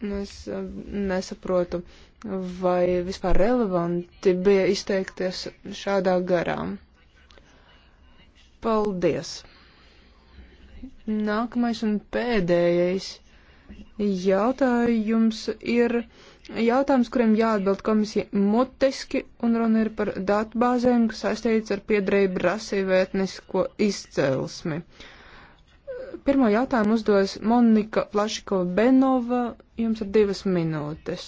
Es eh, nesaprotu, vai vispār relevanti bija izteikties šādā garā. Paldies! Nākamais un pēdējais jautājums ir jautājums, kuriem jāatbild komisija mutiski, un runa ir par datbāzēm, kas saistīts ar piedarību rasīvu etnisko izcelsmi. Uh, Pirmo jautājumu uzdos Monika Plašikova Benova. Jums ir divas minūtes.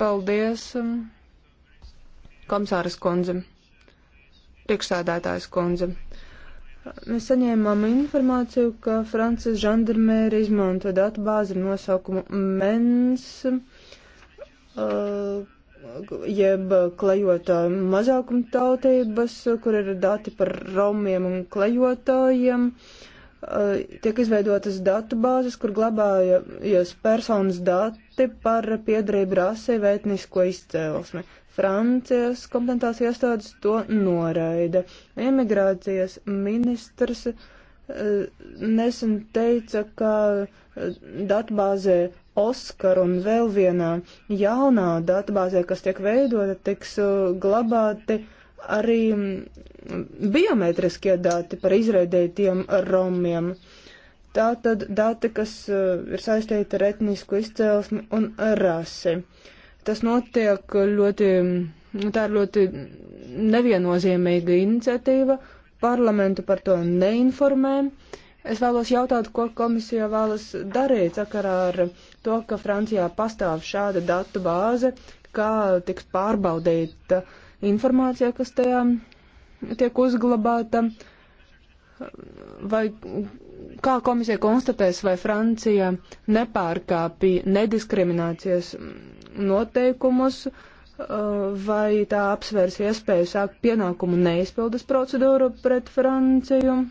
Paldies, um, komisāras kundze, priekšsādātājas kundze. Mēs saņēmām informāciju, ka Francijas žandarmēri izmanto datubāzi ar nosaukumu MENS, uh, jeb klejotā uh, mazākumtautības, kur ir dati par romiem un klejotājiem. Uh, Eh, tiek izveidotas datubāzes, kur glabājas personas dati par piedarību rasi vai etnisko izcēlesmi. Francijas kompetentās iestādes to noraida. Emigrācijas ministrs eh, nesen teica, ka eh, datubāzē Oskar un vēl vienā jaunā datubāzē, kas tiek veidota, tiks glabāti uh, arī mm, biometriskie dati par izraidētiem romiem. Tātad dati, kas eh, ir saistīti ar etnisku izcēlesmi un rasi. Tas notiek ļoti, mm, tā ir ļoti neviennozīmīga iniciatīva, parlamentu par to neinformē. Es vēlos jautāt, ko komisija vēlas darīt sakarā ar to, ka Francijā pastāv šāda datu bāze, kā tiks pārbaudīta informācija, kas tajā tiek uzglabāta, vai kā komisija konstatēs, vai Francija nepārkāpja nediskriminācijas noteikumus, vai tā apsvērs iespēju sākt pienākumu neizpildes procedūru pret Franciju.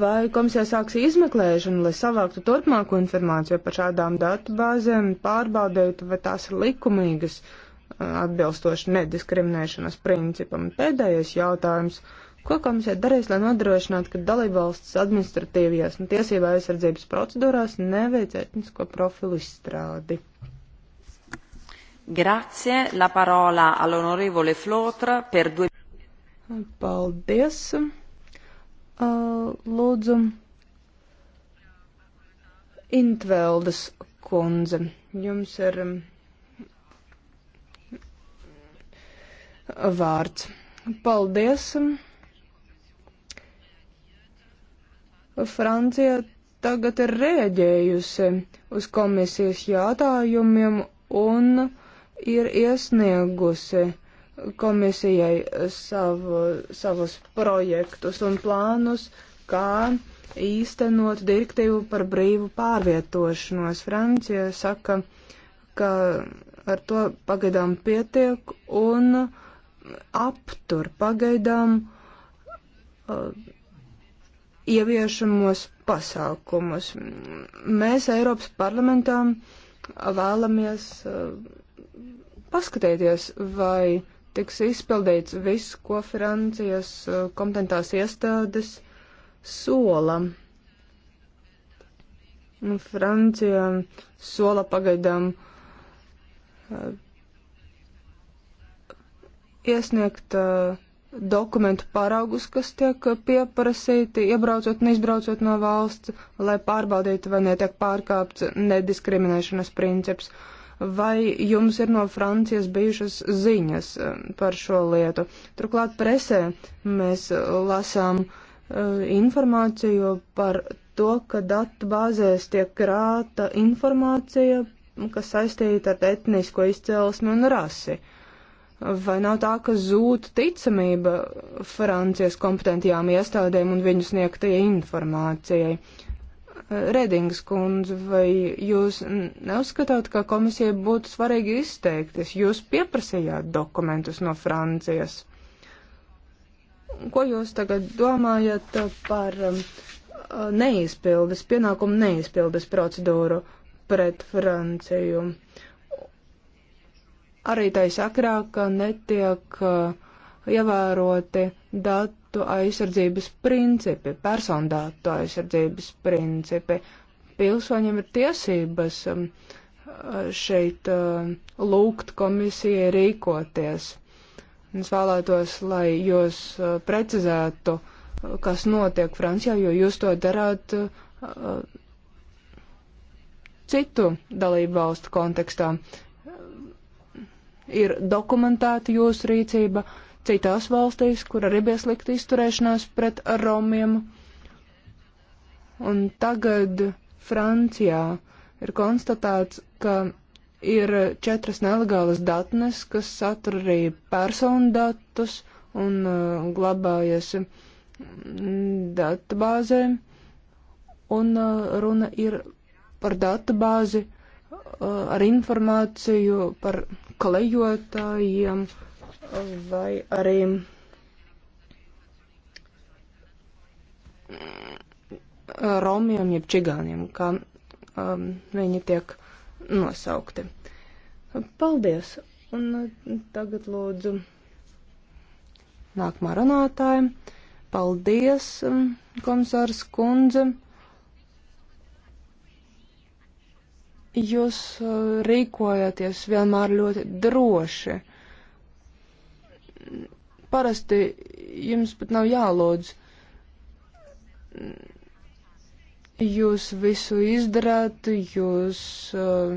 Vai komisija sāks izmeklēšanu, lai savāktu turpmāko informāciju par šādām datu bāzēm, pārbaudētu, vai tās ir likumīgas, uh, atbilstoši nediskriminēšanas principam? Pēdējais jautājums. Ko komisija darīs, lai nodrošinātu, ka dalībvalsts administratīvajās un tiesībā aizsardzības procedūrās neveic etnisko profilu izstrādi? Grazie, la parola all'onorevole Flotra per due. Paldies. Uh, lūdzu Intveldes kundze. Jums ir um, vārds. Paldies. Um, Francija tagad ir rēģējusi uz komisijas jātājumiem un ir iesniegusi uh, komisijai savu, savus projektus un plānus, kā īstenot direktīvu par brīvu pārvietošanos. Francija saka, ka ar to pagaidām pietiek un aptur pagaidām uh, ieviešamos pasākumus. Mēs Eiropas parlamentā vēlamies uh, paskatīties, vai uh, tiks izpildīts viss, ko Francijas uh, kompetentās iestādes sola. Francija sola pagaidām uh, iesniegt uh, dokumentu paraugus, kas tiek pieprasīti, iebraucot un izbraucot no valsts, lai pārbaudītu, vai netiek pārkāpts nediskriminēšanas princips. Uh, vai jums ir no Francijas bijušas ziņas eh, par šo lietu. Turklāt presē mēs eh, lasām eh, informāciju par to, ka datu bāzēs tiek krāta informācija, kas saistīta ar etnisko izcelsmi un rasi. Vai nav tā, ka zūd ticamība Francijas kompetentajām iestādēm un viņu sniegtajai informācijai? Uh, Redings kundze, vai jūs neuzskatāt, ka komisijai būtu svarīgi izteikties? Jūs pieprasījāt dokumentus no Francijas. Ko jūs tagad domājat par um, neizpildes, pienākumu neizpildes procedūru pret Franciju? Arī tai sakrā, ka netiek uh, ievēroti datu aizsardzības principi, personu datu aizsardzības principi. Pilsoņiem ir tiesības um, uh, šeit uh, lūgt komisijai rīkoties. Es vēlētos, lai jūs uh, precizētu, kas notiek Francijā, jo jūs to darāt citu dalību valstu kontekstā. Ir dokumentēta jūsu rīcība, uh, citās valstīs, kur arī bija slikta izturēšanās pret romiem. Un tagad Francijā ir konstatēts, ka ir četras nelegālas datnes, kas satur arī personu datus un uh, glabājas mm, datubāzē. Un uh, runa ir par datubāzi uh, ar informāciju par klejotājiem. Uh, vai arī eh, romiem jeb čigāniem, kā um, viņi tiek nosaukti. Paldies! Un eh, tagad lūdzu nākamā runātāja. Paldies, ehm, komisārs kundze! Jūs eh, rīkojaties vienmēr ļoti droši parasti jums pat nav jālūdz. Jūs visu izdarāt, jūs uh,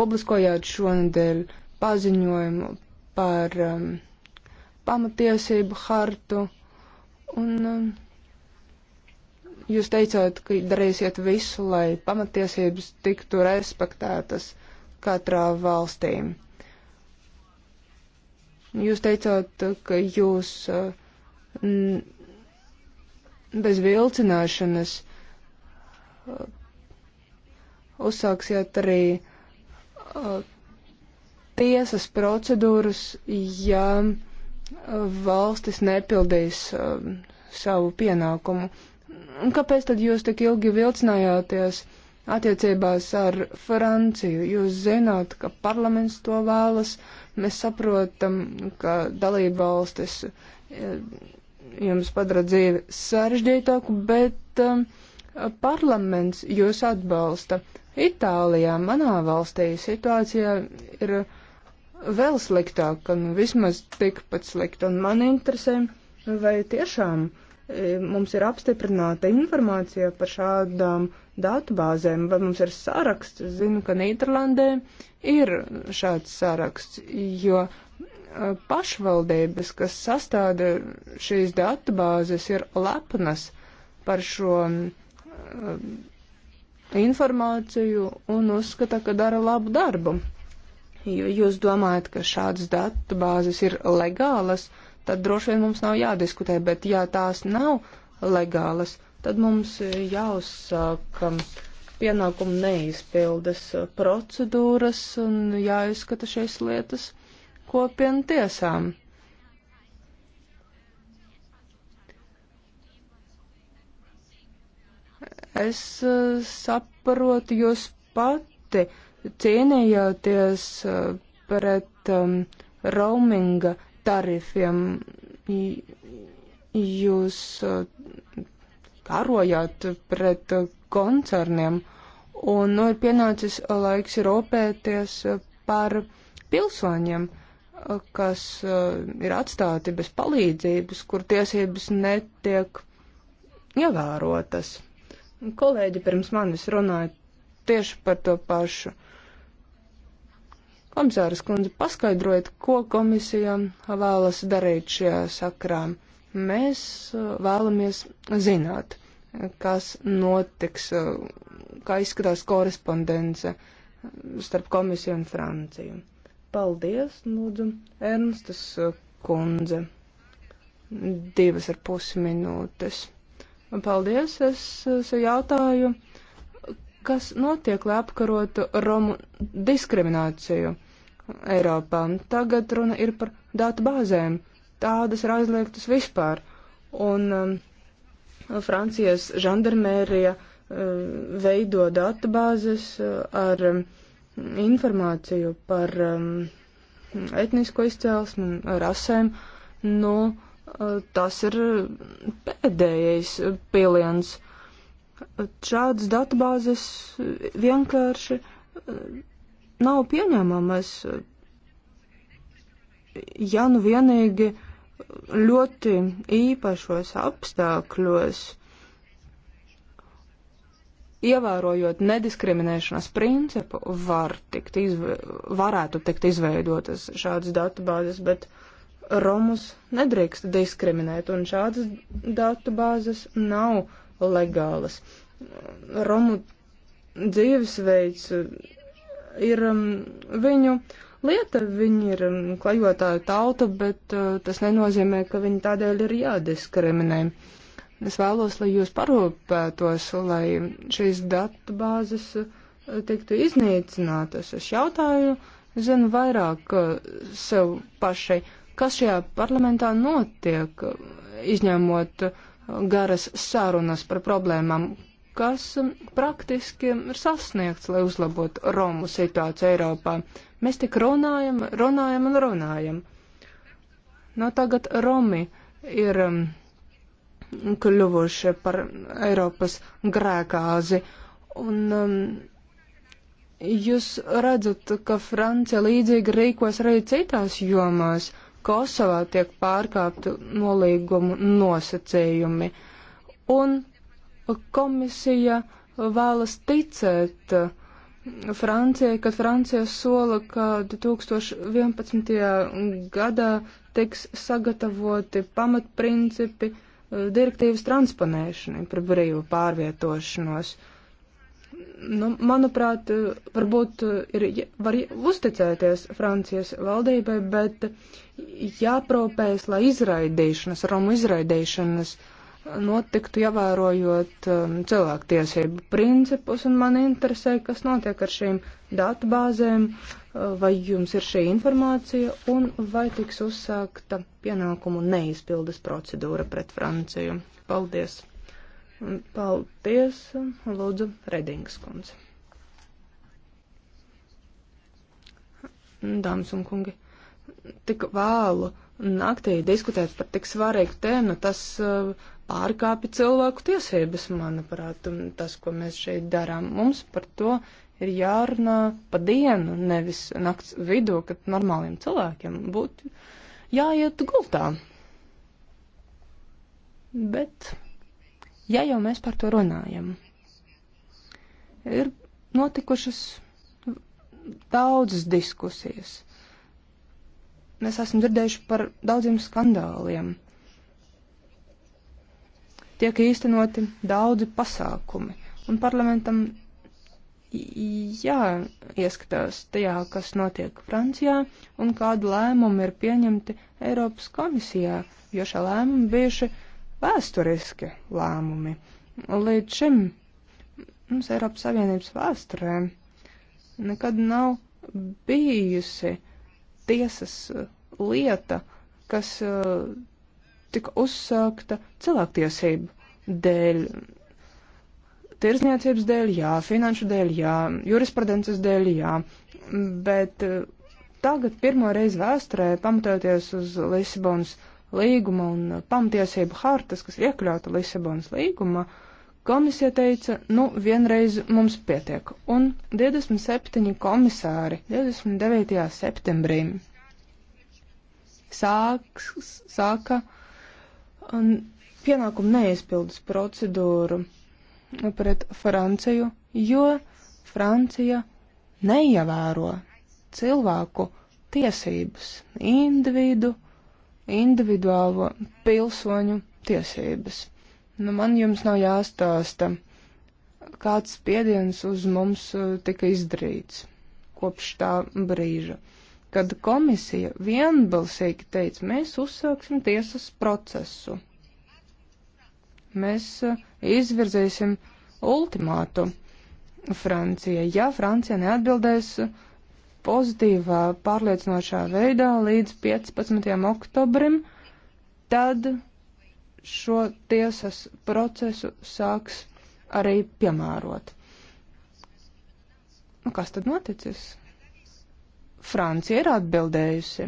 publiskojāt šonadēļ paziņojumu par um, pamatiesību hartu, un um, jūs teicāt, ka darīsiet visu, lai pamatiesības tiktu respektētas katrā valstīm. Jūs teicāt, ka jūs uh, bez vilcināšanas uh, uzsāksiet arī uh, tiesas procedūras, ja valstis nepildīs savu pienākumu. Un kāpēc tad jūs tik ilgi vilcinājāties? Uh, attiecībās ar Franciju. Jūs zināt, ka parlaments to vēlas. Mēs saprotam, ka dalība valstis eh, jums padara dzīvi sarežģītāku, bet um, parlaments jūs atbalsta. Itālijā, manā valstī, situācija ir vēl sliktāka, nu, vismaz tikpat slikta, un man interesē, vai tiešām eh, mums ir apstiprināta informācija par šādām uh, datubāzēm, vai mums ir saraksts. Es zinu, ka Nīderlandē ir šāds saraksts, jo eh, pašvaldības, kas sastāda šīs datubāzes, ir lepnas par šo eh, informāciju un uzskata, ka dara labu darbu. Jo jūs domājat, ka šādas datubāzes ir legālas, tad droši vien mums nav jādiskutē, bet ja tās nav legālas, tad mums jāuzsāk pienākumu neizpildes procedūras un jāizskata šīs lietas kopienu tiesām. Es eh, saprotu, jūs pati cīnījāties eh, pret um, roaminga tarifiem. Jūs uh, karojāt pret koncerniem, un nu, ir pienācis laiks rūpēties par pilsoņiem, kas eh, ir atstāti bez palīdzības, kur tiesības netiek ievērotas. Kolēģi pirms manis runāja tieši par to pašu. Komisāras kundze, paskaidrojiet, ko komisija vēlas darīt šajā sakrā. Mēs uh, vēlamies zināt, kas notiks, uh, kā izskatās korespondence uh, starp komisiju un Franciju. Paldies, lūdzu, Ernstas kundze. Divas ar pusi minūtes. Paldies, es, es jautāju, kas notiek, lai apkarotu Romu diskrimināciju Eiropā. Tagad runa ir par datu bāzēm tādas ir aizliegtas vispār. Un um, Francijas žandarmērija uh, veido databāzes uh, ar um, informāciju par um, etnisko izcelsmi, rasēm. Nu, uh, tas ir pēdējais piliens. Šādas databāzes vienkārši uh, nav pieņemamas, ja nu vienīgi uh, ļoti īpašos apstākļos, ievērojot nediskriminēšanas principu, var tikt izve varētu tikt izveidotas šādas datubāzes, bet Romus nedrīkst diskriminēt, un šādas datubāzes nav legālas. Romu dzīvesveids ir um, viņu uh, lieta. Viņi ir um, klajotāju tauta, bet uh, tas nenozīmē, ka viņi tādēļ ir jādiskriminē. Es vēlos, lai jūs parūpētos, lai šīs datu bāzes uh, tiktu iznīcinātas. Es jautāju, zinu vairāk uh, sev pašai, kas šajā parlamentā notiek, izņemot garas sarunas par problēmām, kas um, praktiski ir sasniegts, lai uzlabotu Romu situāciju Eiropā. Mēs tik runājam, runājam un runājam. No tagad Romi ir um, kļuvuši par Eiropas grēkāzi. Un um, jūs redzat, ka Francija līdzīgi rīkos arī citās jomās. Kosovā tiek pārkāptu nolīgumu nosacījumi. Un Komisija vēlas ticēt Francijai, kad Francija sola, ka 2011. gadā tiks sagatavoti pamatprincipi eh, direktīvas transponēšanai par brīvu pārvietošanos. Nu, manuprāt, varbūt eh, ir, var uzticēties Francijas valdībai, bet jāpropēs, lai izraidīšanas, Romu izraidīšanas uh, notiktu ievērojot um, cilvēktiesību principus, un man interesē, kas notiek ar šīm datubāzēm, uh, vai jums ir šī informācija, un vai tiks uzsākta pienākumu neizpildes procedūra pret Franciju. Paldies! Paldies, Lūdzu, Redings kundze. Dāmas un kungi, tik vēlu naktī diskutēt par tik svarīgu tēmu, tas uh, pārkāpja cilvēku tiesības, manuprāt, un tas, ko mēs šeit darām. Mums par to ir jārunā pa dienu, nevis nakts vidū, kad normāliem cilvēkiem būtu jāiet gultā. Bet, ja jau mēs par to runājam, ir notikušas daudzas diskusijas. Mēs esam dzirdējuši par daudziem skandāliem tiek īstenoti daudzi pasākumi, un parlamentam jāieskatās tajā, kas notiek Francijā, un kādu lēmumu ir pieņemti Eiropas komisijā, jo šie lēmumi bijuši vēsturiski lēmumi. Līdz šim mums Eiropas Savienības vēsturē nekad nav bijusi tiesas lieta, kas uh, tika uzsākta cilvēktiesību dēļ, tirzniecības dēļ, jā, finanšu dēļ, jā, jurisprudences dēļ, jā, bet eh, tagad pirmo reizi vēsturē, pamatoties uz Lisabonas līguma un eh, pamatiesību hartas, kas ir iekļauta Lisabonas līguma, komisija teica, nu, vienreiz mums pietiek. Un 27 komisāri 29. septembrī sāks, sāka pienākumu neizpildus procedūru pret Franciju, jo Francija neievēro cilvēku tiesības, individu, individuālo pilsoņu tiesības. Nu, man jums nav jāstāsta, kāds spiediens uz mums uh, tika izdarīts kopš tā brīža kad komisija vienbalsīgi teica, mēs uzsāksim tiesas procesu. Mēs eh, izvirzēsim ultimātu Francijai. Ja Francija neatbildēs pozitīvā, pārliecinošā veidā līdz 15. oktobrim, tad šo tiesas procesu sāks arī piemērot. Nu, kas tad noticis? Francija ir atbildējusi.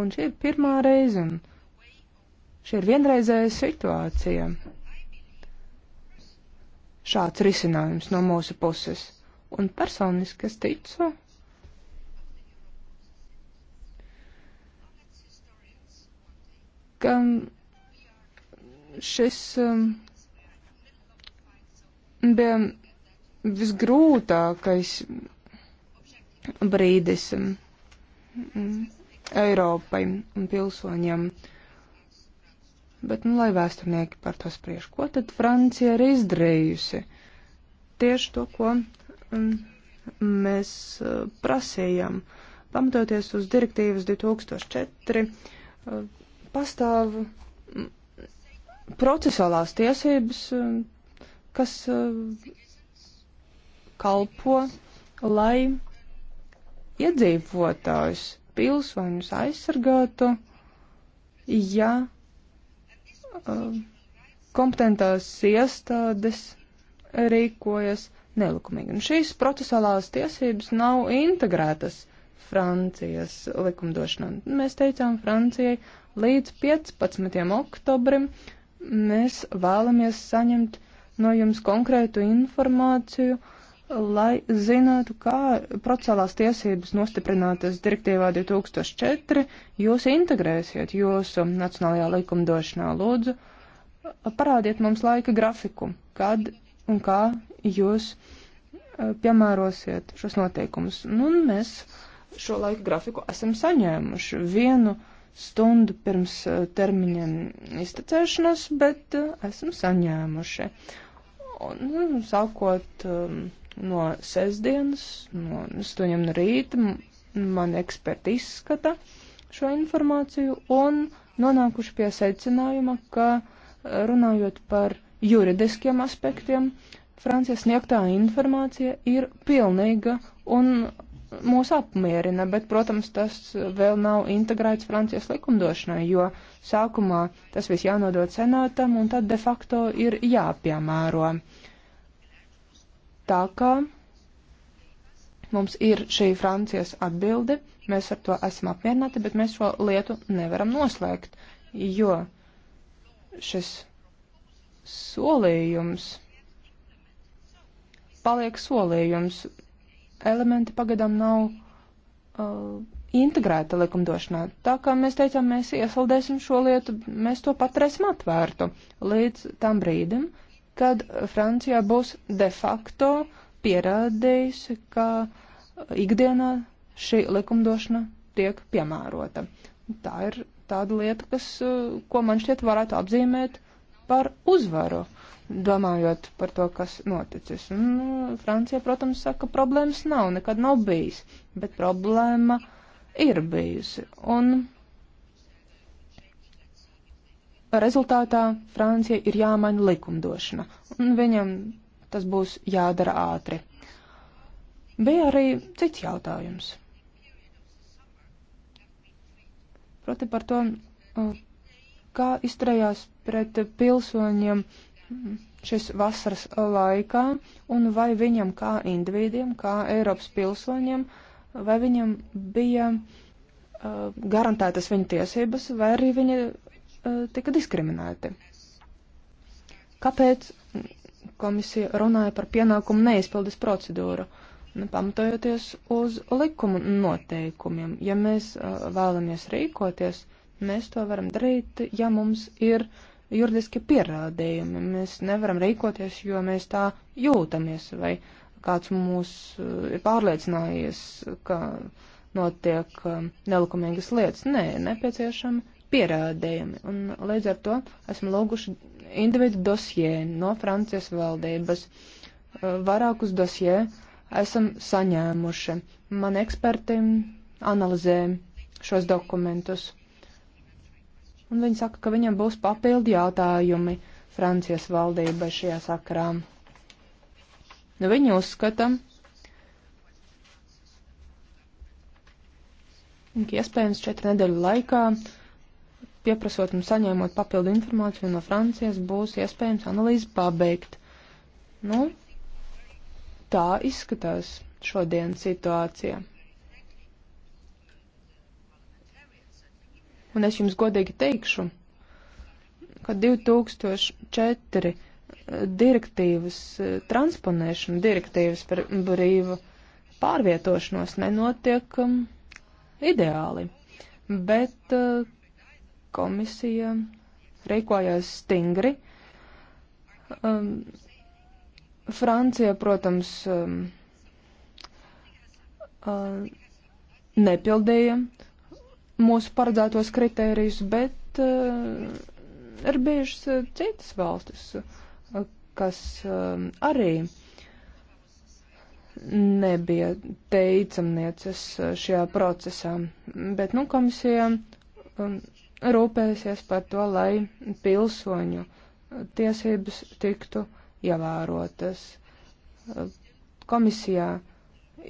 Un šī ir pirmā reize. Šī ir vienreizēja situācija. Šāds risinājums no mūsu puses. Un personiski es ticu, ka šis um, bija visgrūtākais brīdis mm, mm, Eiropai un pilsoņiem. Bet, nu, lai vēsturnieki par to spriež, ko tad Francija ir izdarījusi? Tieši to, ko mm, mēs eh, prasījām, pamatoties uz direktīvas 2004, eh, pastāv procesuālās tiesības, eh, kas kalpo, lai iedzīvotājus, pilsoņus aizsargātu, ja uh, kompetentās iestādes rīkojas nelikumīgi. Un šīs procesuālās tiesības nav integrētas Francijas likumdošanā. Mēs teicām Francijai līdz 15. oktobrim mēs vēlamies saņemt no jums konkrētu informāciju uh, lai zinātu, kā procesālās tiesības nostiprinātas direktīvā 2004 jūs integrēsiet jūsu nacionālajā likumdošanā. Lūdzu, parādiet mums laika grafiku, kad un kā jūs eh, piemērosiet šos noteikumus. Nu, mēs šo laika grafiku esam saņēmuši vienu stundu pirms eh, termiņa iztecēšanas, bet eh, esam saņēmuši. Uh, Un, un nu, sākot um, no sestdienas, no 8 no rīta, man eksperti izskata šo informāciju un nonākuši pie secinājuma, ka uh, runājot par juridiskiem aspektiem, Francijas sniegtā informācija ir pilnīga un mūs apmierina, bet, protams, tas vēl nav integrēts Francijas likumdošanai, jo sākumā tas viss jānodod senātam un tad de facto ir jāpiemēro. Tā kā mums ir šī Francijas atbilde, mēs ar to esam apmierināti, bet mēs šo lietu nevaram noslēgt, jo šis solījums paliek solījums elementi pagadām nav uh, integrēta likumdošanā. Tā kā mēs teicām, mēs iesaldēsim šo lietu, mēs to paturēsim atvērtu līdz tam brīdim, kad Francijā būs de facto pierādījusi, ka ikdienā šī likumdošana tiek piemērota. Tā ir tāda lieta, kas, uh, ko man šķiet varētu apzīmēt par uzvaru. Uh, domājot par to, kas noticis. Un nu, Francija, protams, saka, problēmas nav, nekad nav bijis, bet problēma ir bijusi. Un rezultātā Francija ir jāmaina likumdošana, un viņam tas būs jādara ātri. Bija arī cits jautājums. Proti par to, uh, kā izturējās pret pilsoņiem uh, šis vasaras laikā, un vai viņam kā individiem, kā Eiropas pilsoņiem, vai viņam bija uh, garantētas viņa tiesības, vai arī viņi uh, tika diskriminēti. Kāpēc komisija runāja par pienākumu neizpildes procedūru, nu, pamatojoties uz likumu noteikumiem? Ja mēs uh, vēlamies rīkoties, mēs to varam darīt, ja mums ir uh, juridiski pierādījumi. Mēs nevaram rīkoties, jo mēs tā jūtamies, vai kāds mūs eh, ir pārliecinājies, ka notiek eh, nelikumīgas lietas. Nē, nepieciešami pierādījumi. Un līdz ar to esmu lūguši individu dosjē no Francijas valdības. Eh, vairākus dosjē esam saņēmuši. Man eksperti analizē šos dokumentus un viņi saka, ka viņam būs papildi jautājumi Francijas valdībai šajā sakarā. Nu, viņi uzskata, ka iespējams četru nedēļu laikā pieprasot un saņēmot papildu informāciju no Francijas, būs iespējams analīzi pabeigt. Nu, tā izskatās šodien situācija. Un es jums godīgi teikšu, ka 2004 eh, direktīvas eh, transponēšana, direktīvas par brīvu pārvietošanos nenotiek um, ideāli, bet uh, komisija rīkojās stingri. Um, Francija, protams, um, uh, nepildīja mūsu paredzētos kritērijus, bet uh, ir bijušas uh, citas valstis, uh, kas uh, arī nebija teicamnieces šajā procesā. Bet, nu, komisija um, rūpēsies par to, lai pilsoņu tiesības tiktu ievērotas. Komisijā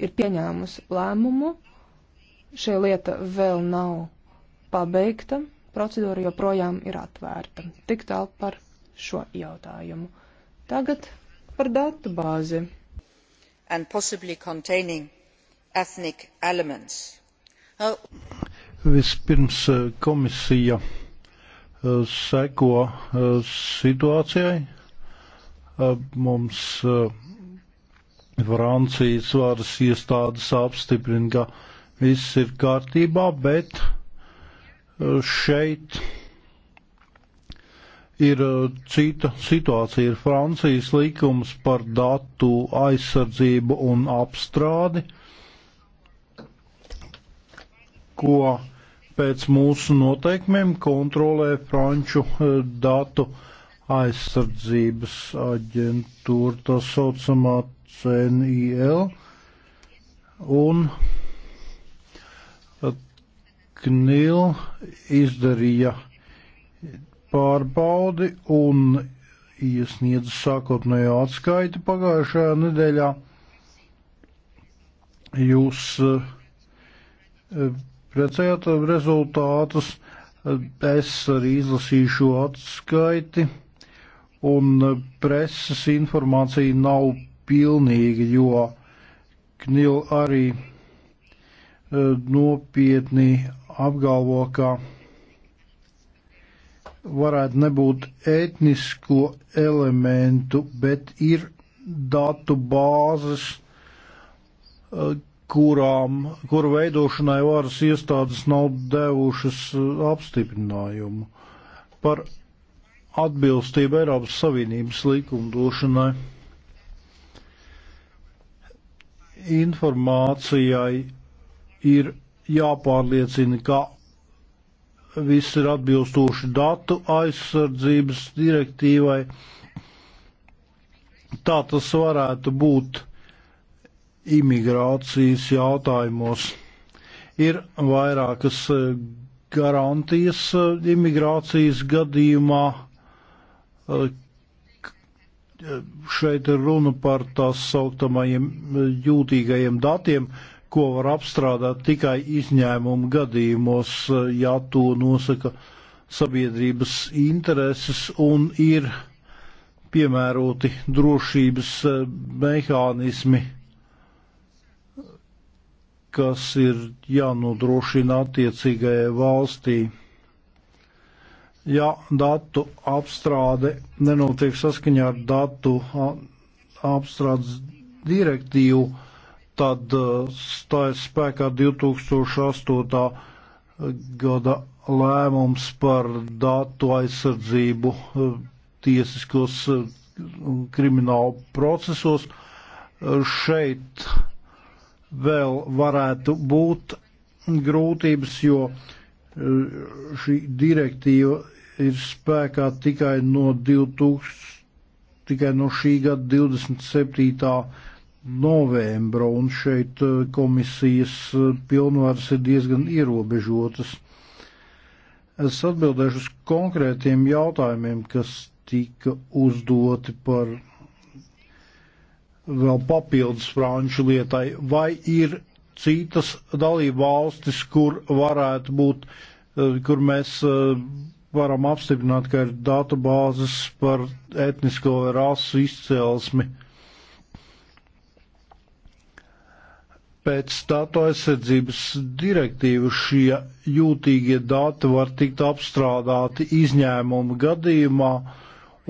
ir pieņēmusi lēmumu šī lieta vēl nav pabeigta, procedūra joprojām ir atvērta. Tik tālu par šo jautājumu. Tagad par datu bāzi. And possibly containing ethnic elements. Oh. Vispirms eh, komisija eh, seko eh, situācijai. Mums Francijas varas iestādes apstiprina, ka viss ir kārtībā, bet uh, šeit ir uh, cita situācija. Ir Francijas likums par datu aizsardzību un apstrādi, ko pēc mūsu noteikumiem kontrolē Franču uh, datu aizsardzības aģentūra, tā saucamā CNIL. Un Knil izdarīja pārbaudi un iesniedz sākotnējo atskaiti pagājušajā nedēļā. Jūs precējāt eh, rezultātus, es arī izlasīju šo atskaiti, un preses informācija nav pilnīga, jo Knil arī eh, nopietni apgalvo, ka varētu nebūt etnisko elementu, bet ir datu bāzes, eh, kurām, kuru veidošanai varas iestādes nav devušas eh, apstiprinājumu par atbilstību Eiropas Savienības likumdošanai. Informācijai ir jāpārliecina, ka viss ir atbilstoši datu aizsardzības direktīvai. Tā tas varētu būt imigrācijas jautājumos. Ir vairākas e, garantijas e, imigrācijas gadījumā. E, šeit ir runa par tās sauktamajiem jūtīgajiem datiem, ko var apstrādāt tikai izņēmumu gadījumos, ja to nosaka sabiedrības intereses un ir piemēroti drošības eh, mehānismi, kas ir jānodrošina attiecīgajai valstī. Ja datu apstrāde nenotiek saskaņā ar datu apstrādes direktīvu, tad eh, stājas spēkā 2008. gada lēmums par datu aizsardzību eh, tiesiskos eh, un kriminālu procesos. Šeit vēl varētu būt grūtības, jo šī direktīva ir spēkā tikai no, 2000, tikai no šī gada 27 novembra, un šeit eh, komisijas eh, pilnvaras ir diezgan ierobežotas. Es atbildēšu uz konkrētiem jautājumiem, kas tika uzdoti par vēl papildus franču lietai. Vai ir citas dalība valstis, kur varētu būt, eh, kur mēs varam apstiprināt, ka ir datubāzes par etnisko rasu izcelsmi? Pēc datu aizsardzības direktīvu šie jūtīgie dati var tikt apstrādāti izņēmuma gadījumā,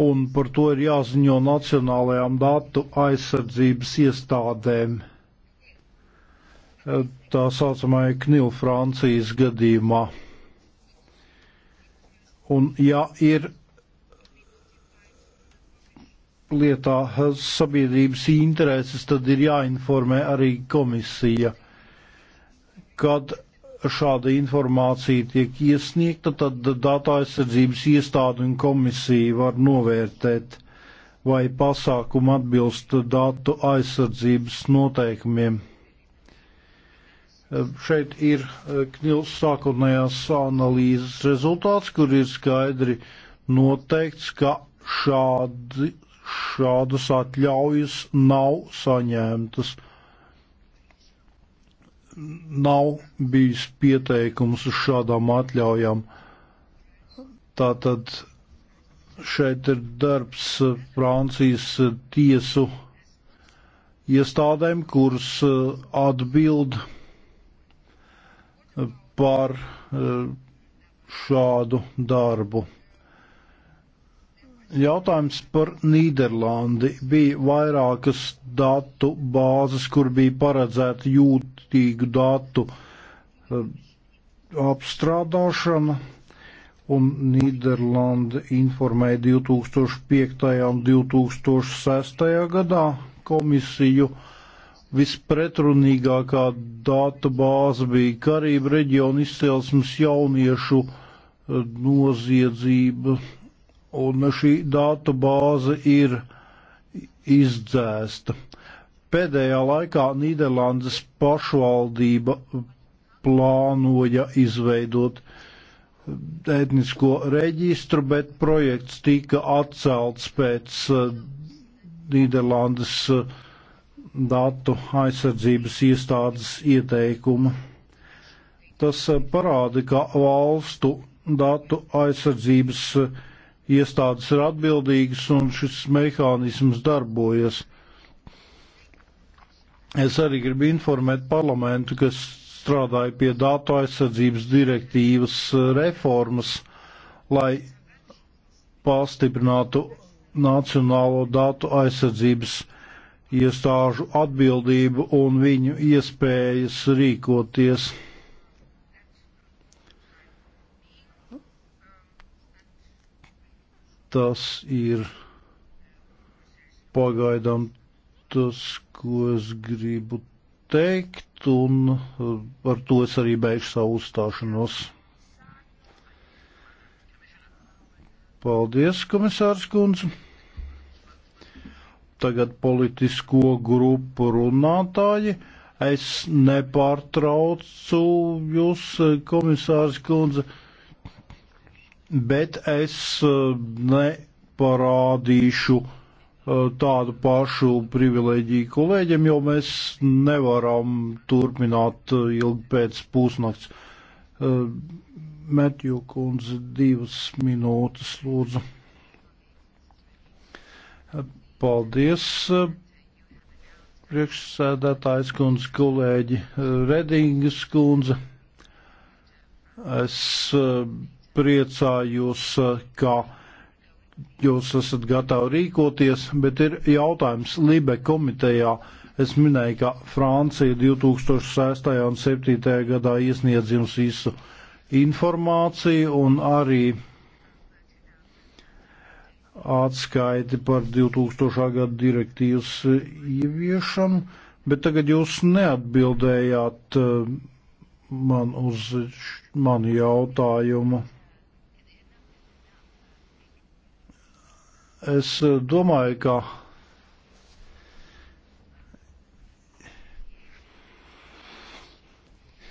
un par to ir jāziņo nacionālajām datu aizsardzības iestādēm. Tā saucamā Knil Francijas gadījumā. Un ja ir lietā sabiedrības intereses, tad ir jāinformē arī komisija. Kad šāda informācija tiek iesniegta, tad datu aizsardzības iestāde un komisija var novērtēt, vai pasākuma atbilst datu aizsardzības noteikumiem. Šeit ir eh, Knils sākotnējās analīzes rezultāts, kur ir skaidri noteikts, ka šādi šādas atļaujas nav saņemtas. Nav bijis pieteikums uz šādām atļaujām. Tātad šeit ir darbs Francijas tiesu iestādēm, kuras uh, atbild uh, par uh, šādu darbu. Jautājums par Nīderlandi. Bija vairākas datu bāzes, kur bija paredzēta jūtīgu datu eh, apstrādāšana, un Nīderlanda informēja 2005. un 2006. gadā komisiju. Vispretrunīgākā data bāze bija Karību reģiona izcelsmes jauniešu eh, noziedzība un šī datu bāze ir izdzēsta. Pēdējā laikā Nīderlandes pašvaldība plānoja izveidot etnisko reģistru, bet projekts tika atcelts pēc eh, Nīderlandes eh, datu aizsardzības iestādes ieteikuma. Tas eh, parāda, ka valstu datu aizsardzības iestādes iestādes ir atbildīgas un šis mehānisms darbojas. Es arī gribu informēt parlamentu, kas strādāja pie datu aizsardzības direktīvas eh, reformas, lai pastiprinātu Nacionālo datu aizsardzības iestāžu atbildību un viņu iespējas rīkoties. tas ir pagaidām tas, ko es gribu teikt, un eh, ar to es arī beigšu savu uzstāšanos. Paldies, komisārs kundze. Tagad politisko grupu runātāji. Es nepārtraucu jūs, eh, komisārs kundze bet es eh, neparādīšu eh, tādu pašu privileģiju kolēģiem, jo mēs nevaram turpināt eh, ilgi pēc pusnakts. Metju kundze divas minūtes lūdzu. Paldies, priekšsēdētājs kundze, kolēģi Redingas kundze. Es uh, priecājos, eh, ka jūs esat gatavi rīkoties, bet ir jautājums Libe komitejā. Es minēju, ka Francija 2006. un 2007. gadā iesniedz jums visu informāciju un arī atskaiti par 2000. gada direktīvas eh, ieviešanu, bet tagad jūs neatbildējāt eh, man uz manu jautājumu. Es eh, domāju, ka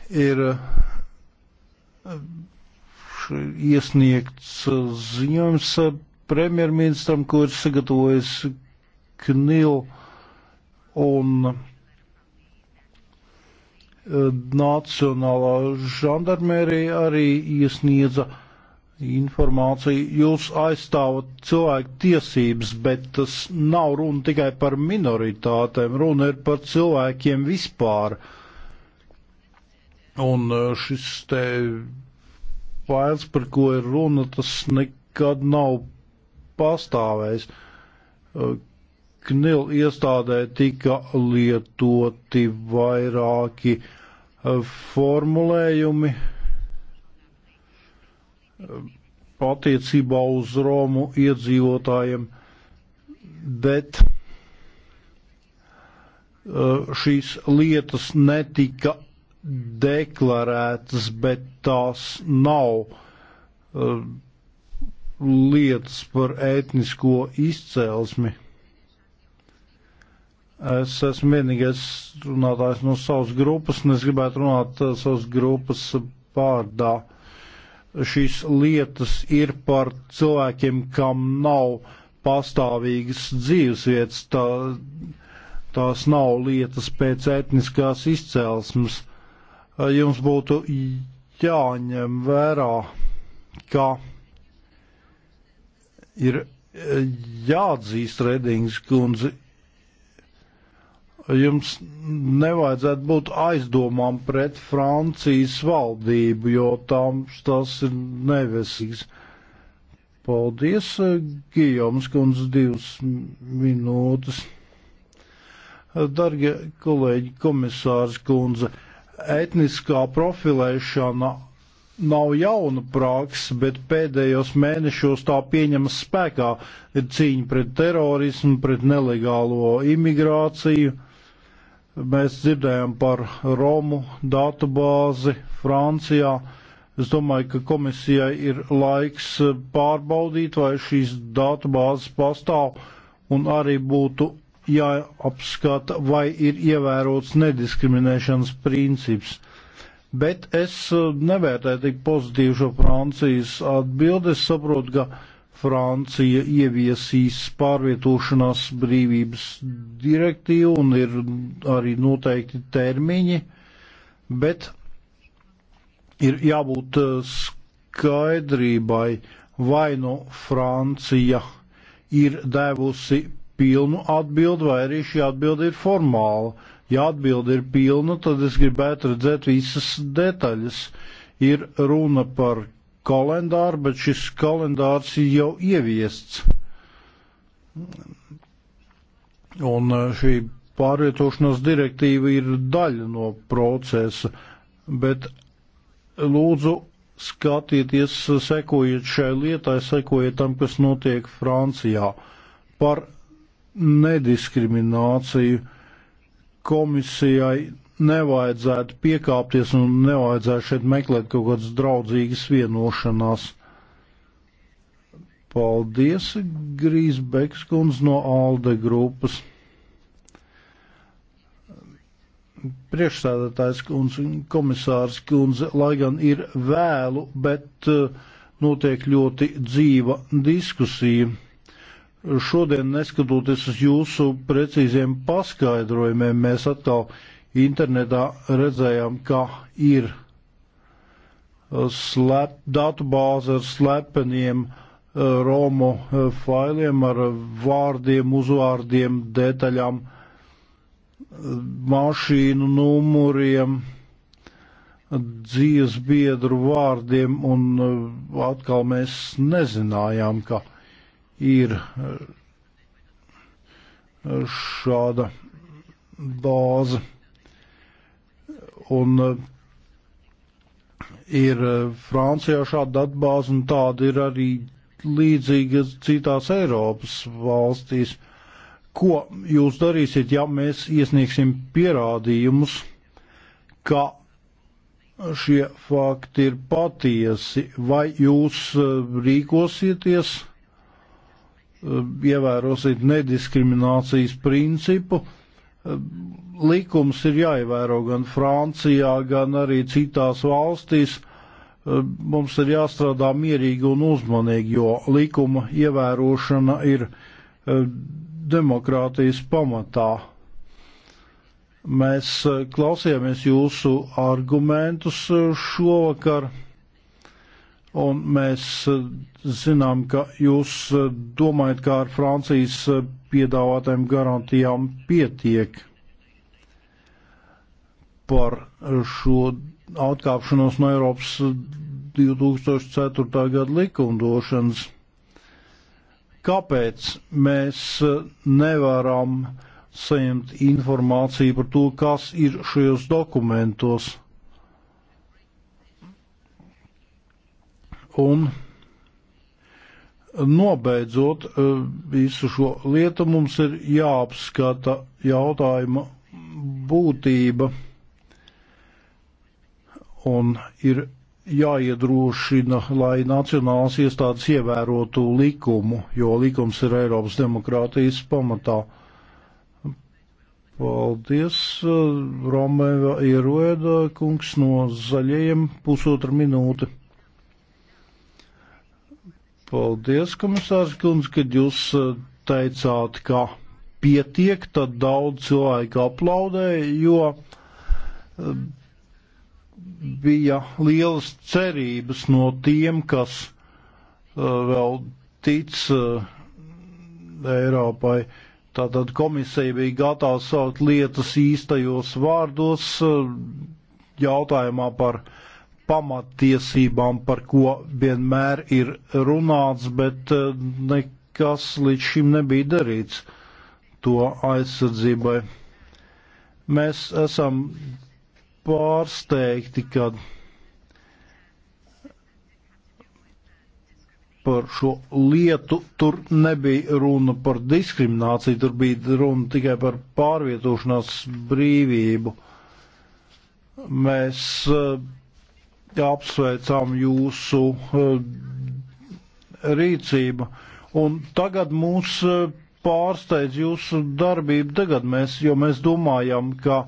ir eh, iesniegts eh, ziņojums premjerministram, ko ir sagatavojis Knil un Nacionālā žandarmērija arī iesniedza uh, informāciju. Jūs aizstāvat cilvēku tiesības, bet tas nav runa tikai par minoritātēm, runa ir par cilvēkiem vispār. Un e, šis te fails, par ko ir runa, tas nekad nav pastāvējis. E, Knil iestādē tika lietoti vairāki e, formulējumi, attiecībā uz Romu iedzīvotājiem, bet eh, šīs lietas netika deklarētas, bet tās nav eh, lietas par etnisko izcēlesmi. Es esmu vienīgais runātājs no savas grupas, un es gribētu runāt eh, savas grupas pārdā šīs lietas ir par cilvēkiem, kam nav pastāvīgas dzīvesvietas, tā, tās nav lietas pēc etniskās izcelsmes. Eh, jums būtu jāņem vērā, ka ir eh, jāatzīst Redings kundze, jums nevajadzētu būt aizdomām pret Francijas valdību, jo tam tas ir nevesīgs. Paldies, Gijoms kundz, divas minūtes. Dargie kolēģi, komisārs kundze, etniskā profilēšana nav jauna praksa, bet pēdējos mēnešos tā pieņemas spēkā ir cīņa pret terorismu, pret nelegālo imigrāciju. Uh, Mēs dzirdējām par Romu datubāzi Francijā. Es domāju, ka komisijai ir laiks pārbaudīt, vai šīs datubāzes pastāv un arī būtu jāapskata, vai ir ievērots nediskriminēšanas princips. Bet es eh, nevērtēju tik pozitīvu šo Francijas atbildi. Es saprotu, ka Francija ieviesīs pārvietošanās brīvības direktīvu un ir arī noteikti termiņi, bet ir jābūt eh, skaidrībai, vai nu no Francija ir devusi pilnu atbildi, vai arī šī atbildi ir formāla. Ja atbildi ir pilna, tad es gribētu redzēt visas detaļas. Ir runa par kalendāru, bet šis kalendārs ir jau ieviests. Un e, šī pārvietošanās direktīva ir daļa no procesa, bet lūdzu skatieties, sekojiet šai lietai, sekojiet tam, kas notiek Francijā par nediskrimināciju. Komisijai nevajadzētu piekāpties un nevajadzētu šeit meklēt kaut kādas draudzīgas vienošanās. Paldies, Grīsbeks kundz no Alde grupas. Priekšsēdētājs kundz, komisārs kundz, lai gan ir vēlu, bet eh, notiek ļoti dzīva diskusija. Šodien, neskatoties uz jūsu precīziem paskaidrojumiem, mēs atkal uh, internetā redzējām, ka ir uh, slep, datubāze ar slepeniem uh, Romu uh, failiem ar vārdiem, uzvārdiem, detaļām, mašīnu numuriem, dzīves biedru vārdiem, un atkal mēs nezinājām, ka ir šāda bāze. Un eh, ir eh, Francijā šāda datbāze, un tāda ir arī līdzīga citās Eiropas valstīs. Ko jūs darīsiet, ja mēs iesniegsim pierādījumus, ka šie fakti ir patiesi, vai jūs eh, rīkosieties, ievērosiet nediskriminācijas principu, likums ir jāievēro gan Francijā, gan arī citās valstīs. Eh, mums ir jāstrādā mierīgi un uzmanīgi, jo likuma ievērošana ir eh, demokrātijas pamatā. Mēs eh, klausījāmies jūsu argumentus šovakar, un mēs zinām, ka jūs domājat, kā ar Francijas piedāvātajām garantijām pietiek par šo atkāpšanos no Eiropas 2004. gada likumdošanas. Kāpēc mēs nevaram saņemt informāciju par to, kas ir šajos dokumentos? Un nobeidzot eh, visu šo lietu, mums ir jāapskata jautājuma būtība un ir jāiedrošina, lai nacionālās iestādes ievērotu likumu, jo likums ir Eiropas demokrātijas pamatā. Paldies, Romeva Ieroeda kungs no zaļajiem pusotra minūte. Paldies, komisārs Kunds, kad jūs eh, teicāt, ka pietiek, tad daudz cilvēku aplaudē, jo eh, bija lielas cerības no tiem, kas uh, vēl tic uh, Eiropai. Tātad komisija bija gatava saukt lietas īstajos vārdos uh, jautājumā par pamattiesībām, par ko vienmēr ir runāts, bet nekas līdz šim nebija darīts to aizsardzībai. Mēs esam pārsteigti, kad par šo lietu tur nebija runa par diskrimināciju, tur bija runa tikai par pārvietošanās brīvību. Mēs uh, apsveicām jūsu uh, rīcību, un tagad mūs uh, pārsteidz jūsu darbība, tagad mēs, jo mēs domājam, ka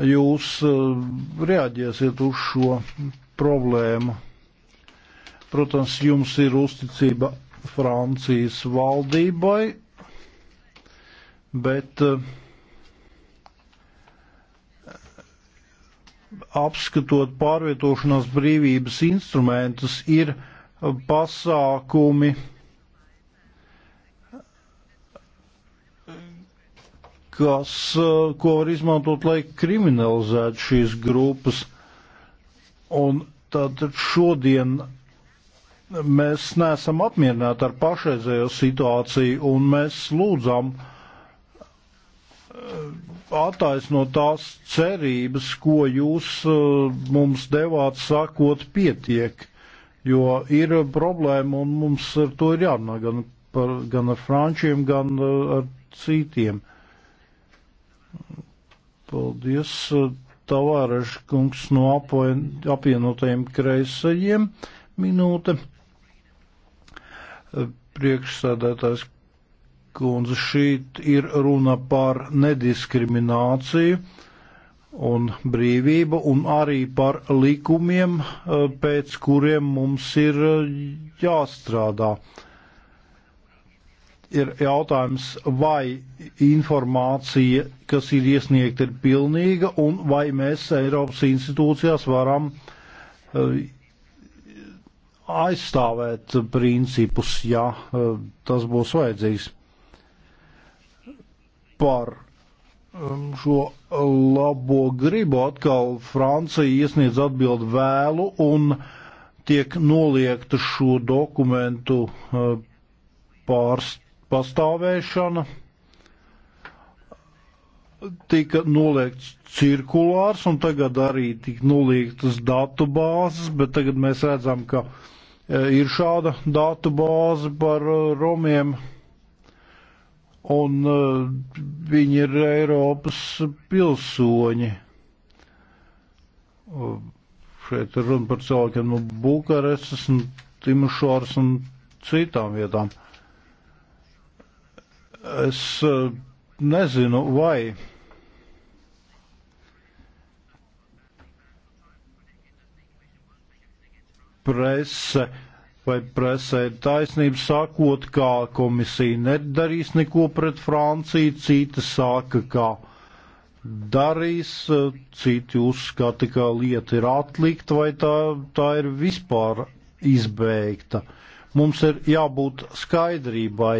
jūs eh, reaģēsiet uz šo problēmu? Protams, jums ir uzticība Francijas valdībai, bet eh, apskatot pārvietošanās brīvības instrumentus, ir pasākumi, kas, ko var izmantot, lai kriminalizētu šīs grupas. Un tad šodien mēs neesam apmierināti ar pašreizējo situāciju un mēs lūdzam attaisnot tās cerības, ko jūs mums devāt, sakot, pietiek, jo ir problēma un mums ar to ir jārunā gan, par, gan ar frančiem, gan ar citiem. Paldies, uh, Tavāraša kungs no apvienotajiem kreisajiem. Minūte. Uh, priekšsēdētājs kundze, šī ir runa par nediskrimināciju un brīvību un arī par likumiem, uh, pēc kuriem mums ir jāstrādā. Uh, ir jautājums, vai informācija, kas ir iesniegta, ir pilnīga un vai mēs Eiropas institūcijās varam eh, aizstāvēt principus, ja eh, tas būs vajadzīgs. Par um, šo labo gribu atkal Francija iesniedz atbildi vēlu un tiek noliegta šo dokumentu eh, pārst pastāvēšana tika noliegts cirkulārs un tagad arī tika noliegtas datu bāzes, bet tagad mēs redzam, ka e, ir šāda datu bāze par e, romiem un e, viņi ir Eiropas pilsoņi. Šeit ir runa par cilvēkiem no Bukarestas un Timošors un citām vietām. Es eh, nezinu, vai. Prese vai presē ir taisnība sakot, kā komisija nedarīs neko pret Franciju, cita saka, ka darīs, eh, citi uzskata, ka lieta ir atlikta vai tā, tā ir vispār izbeigta. Mums ir jābūt skaidrībai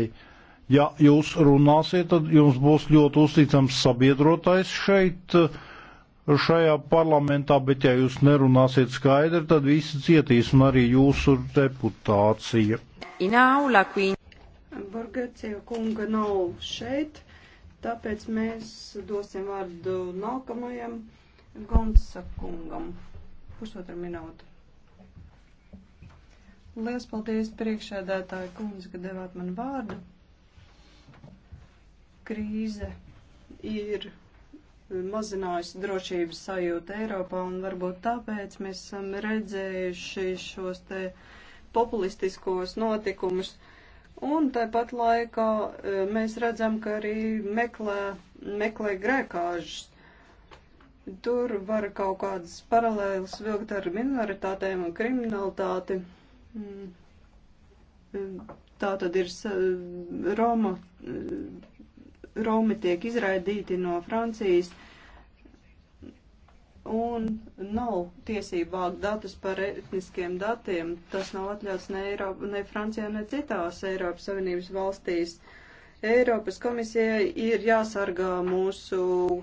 Ja jūs runāsiet, tad jums būs ļoti uzticams sabiedrotais šeit, šajā parlamentā, bet ja jūs nerunāsiet skaidri, tad visi cietīs un arī jūsu reputācija. Inaula, queen. Borgēcija kunga nav šeit, tāpēc mēs dosim vārdu nākamajam Gonsa kungam. Pusotra minūte. Lielas paldies priekšēdētāju kundze, ka devāt man vārdu krīze ir e, mazinājusi drošības sajūtu Eiropā, un varbūt tāpēc mēs esam redzējuši šos te populistiskos notikumus. Un tāpat laikā e, mēs redzam, ka arī meklē, meklē grēkāžus. Tur var kaut kādas paralēlas vilkt ar minoritātēm un kriminalitāti. Mm. E, tā tad ir Roma Romi tiek izraidīti no Francijas un nav tiesību vākt datus par etniskiem datiem. Tas nav atļauts ne, Eiropa, ne Francijā, ne citās Eiropas Savienības valstīs. Eiropas komisijai ir jāsargā mūsu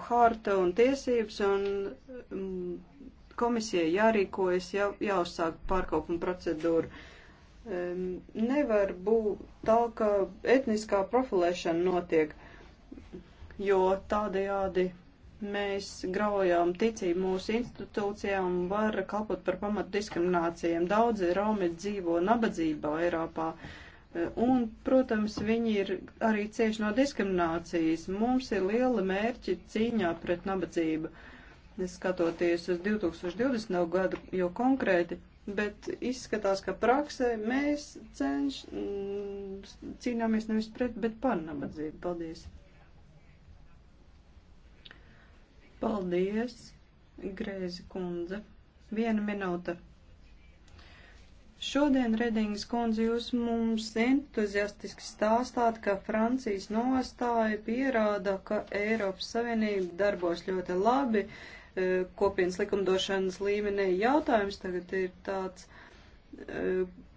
harta un tiesības, un mm, komisijai jārīkojas, jā, jāuzsāk pārkāpuma procedūra. Um, nevar būt tā, ka etniskā profilēšana notiek. Uh, jo tādējādi mēs graujām ticību mūsu institūcijām un var kalpot par pamatu diskriminācijām. Daudzi Romi dzīvo nabadzībā Eiropā. E, un, protams, viņi ir arī cieši no diskriminācijas. Mums ir liela mērķi cīņā pret nabadzību, skatoties uz 2020. gadu, jo konkrēti bet izskatās, ka praksē mēs cenš, mm, cīnāmies nevis pret, bet par nabadzību. Paldies! Paldies, Grēzi kundze. Viena minūte. Šodien, Redingas kundze, jūs mums entuziastiski stāstāt, ka Francijas nostāja pierāda, ka Eiropas Savienība darbos ļoti labi. E, kopienas likumdošanas līmenī jautājums tagad ir tāds e,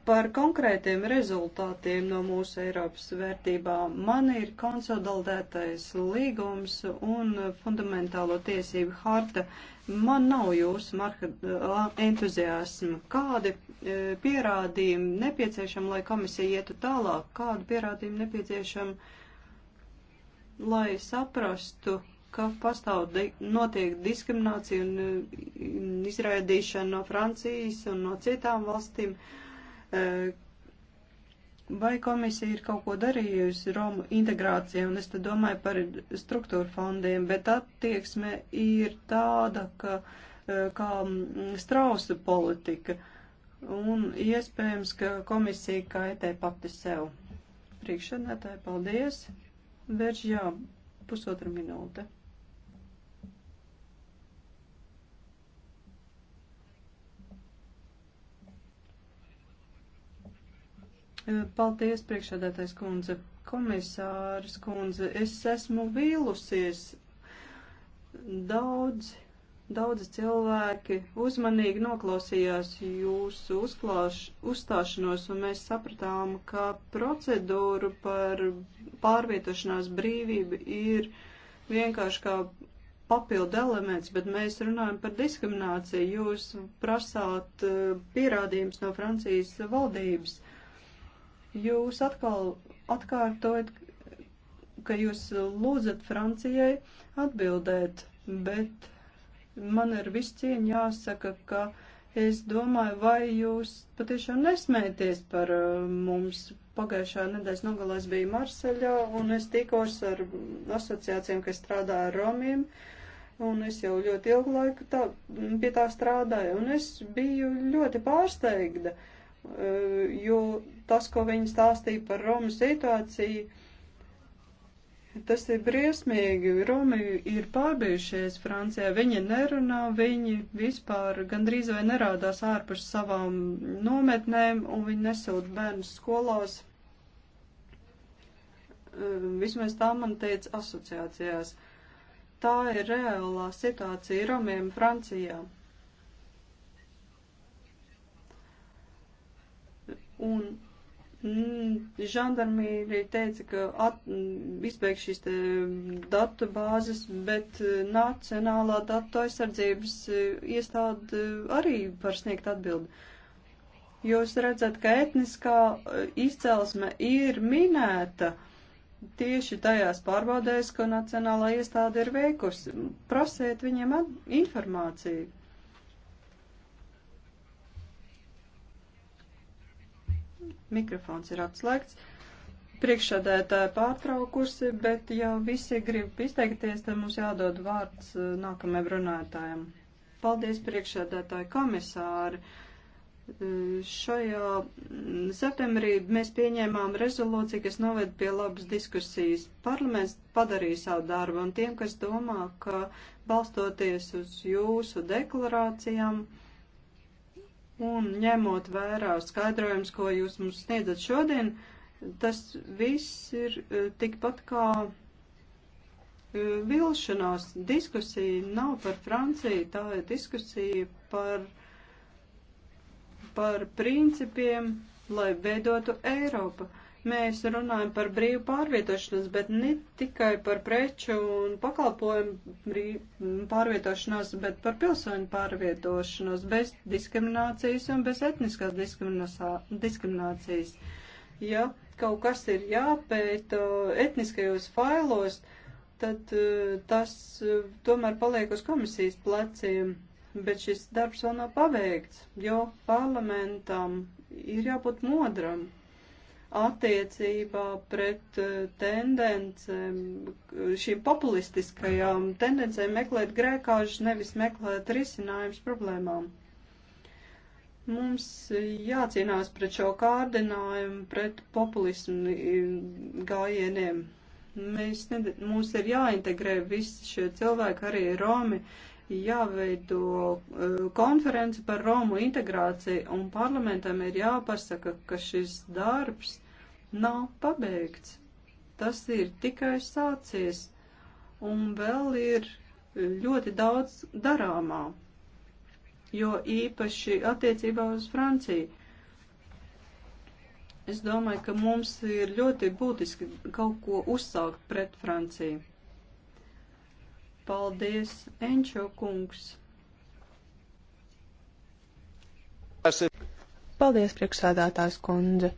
Par konkrētiem rezultātiem no mūsu Eiropas vērtībām man ir konsolidētais līgums un fundamentālo tiesību harta. Man nav jūsu entuziasma. Kādi e, pierādījumi nepieciešami, lai komisija ietu tālāk? Kādi pierādījumi nepieciešami, lai saprastu, ka pastāv notiek diskriminācija un e, izraidīšana no Francijas un no citām valstīm? Uh, Eh, vai komisija ir kaut ko darījusi Romu integrācijā, un es te domāju par struktūra fondiem, bet attieksme ir tāda, ka, eh, kā mm, strausa politika, un iespējams, ka komisija kaitē pati sev. Priekšsēdētāji, paldies! Vērš jā, pusotra minūte. Eh, paldies, priekšādātais kundze. Komisāris kundze, es esmu vīlusies. Daudz, daudzi cilvēki uzmanīgi noklausījās jūsu uzklāš, uzstāšanos, un mēs sapratām, ka procedūra par pārvietošanās brīvību ir vienkārši kā papildu elements, bet mēs runājam par diskrimināciju. Jūs prasāt eh, pierādījums no Francijas valdības. Uh, Jūs atkal atkārtojat, ka jūs lūdzat Francijai atbildēt, bet man ir viss cieņa jāsaka, ka es domāju, vai jūs patiešām nesmēties par uh, mums. Pagājušā nedēļas nogalēs bija Marseļā, un es tikos ar asociācijām, kas strādā ar Romiem, un es jau ļoti ilgu laiku tā, pie tā strādāju, un es biju ļoti pārsteigta. Uh, Eh, jo tas, ko viņi stāstīja par Romu situāciju, tas ir briesmīgi. Romi ir pārbijušies Francijā, viņi nerunā, viņi vispār gandrīz vai nerādās ārpus savām nometnēm un viņi nesūt bērnus skolās. Eh, vismaz tā man teica asociācijās. Tā ir reālā situācija Romiem Francijā. Un mm, Žandarmīri teica, ka at, mm, izbeigš šīs te mm, datu bāzes, bet eh, Nacionālā datu aizsardzības eh, iestāde arī var sniegt atbildi. Jūs redzat, ka etniskā eh, izcelsme ir minēta tieši tajās pārbaudēs, ko Nacionālā iestāde ir veikusi. Prasiet viņiem informāciju Mikrofons ir atslēgts. Priekšsēdētāja pārtraukusi, bet ja visi grib izteikties, tad mums jādod vārds eh, nākamajam runātājam. Paldies, priekšsēdētāja komisāri! Eh, šajā mm, septembrī mēs pieņēmām rezolūciju, kas noved pie labas diskusijas. Parlaments padarīja savu darbu, un tiem, kas domā, ka balstoties uz jūsu deklarācijām, uh, un ņemot vērā skaidrojums, ko jūs mums sniedzat šodien, tas viss ir e, tikpat kā e, vilšanās diskusija nav par Franciju, tā ir diskusija par, par principiem, lai veidotu Eiropu. Mēs runājam par brīvu pārvietošanos, bet ne tikai par preču un pakalpojumu pārvietošanos, bet par pilsoņu pārvietošanos bez diskriminācijas un bez etniskās diskriminācijas. Ja kaut kas ir jāpēta etniskajos failos, tad eh, tas eh, tomēr paliek uz komisijas pleciem bet šis darbs vēl nav paveikts, jo parlamentam ir jābūt modram attiecībā pret eh, tendencēm, šīm populistiskajām tendencēm meklēt grēkāžus, nevis meklēt risinājums problēmām. Mums jācīnās pret šo kārdinājumu, pret populismu mm, gājieniem. Mēs, ne, mums ir jāintegrē visi šie cilvēki, arī Romi, jāveido eh, konference par Romu integrāciju, un parlamentam ir jāpasaka, ka šis darbs nav pabeigts. Tas ir tikai sācies, un vēl ir ļoti daudz darāmā, jo īpaši attiecībā uz Franciju. Es domāju, ka mums ir ļoti būtiski kaut ko uzsākt pret Franciju. Paldies, Enčo kungs! Paldies, priekšsēdētājs kundze!